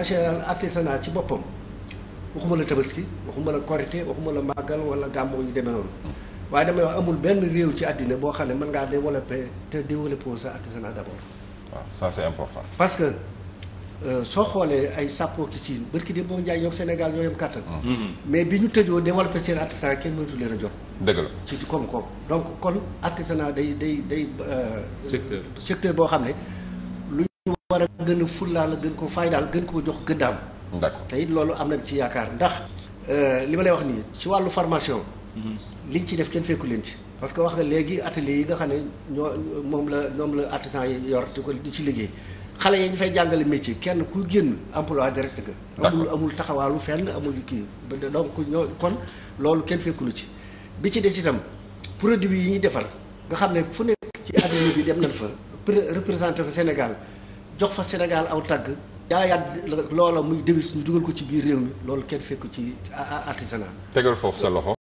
en général ci boppam waxuma la tabaski waxuma la korité waxuma la màggal wala gàmmu yu demee noonu waaye damay wax amul benn réew ci àddina boo xam ne mën ngaa développer te développer sa artisanat d'abord. waaw ça c'est important. parce que euh, soo xoolee ay sàppoo ki siin barki de boo njaay yow Sénégal ñoo yem kàttan. Mm-hmm. mais bi ñu tëjoo développer seen artisanat kenn mënatu leen a jot. dëgg la ci koom-koom donc kon artisanat day day day. Euh, secteur secteur boo xam ne. war a gën a fullaal gën ko faydaal gën koo jox gëddaam. d'accord te it loolu am na ci yaakaar ndax euh, li ma lay wax nii ci wàllu formation. Mhm. liñ ci def kenn fekku leen ci. parce que wax nga léegi atelier yi nga xam ne ñoo moom la ñoom la artisan yi yor di di ci liggéey xale yi ñu fay jàngale métier kenn ku génn emploi direct nga. amul amul taxawaalu fenn amul kii donc ñoo kon loolu kenn fekkulu ci bi ci des itam produit yi ñu defar nga xam ne fu nekk ci atelier bi dem nañ fa représenté fa Sénégal. jox fa Sénégal aw tagg jaayaat loola muy devis ñu jugal ko ci biir réew mi loolu kenn fekku ci artisanat tegal foofu sa loxo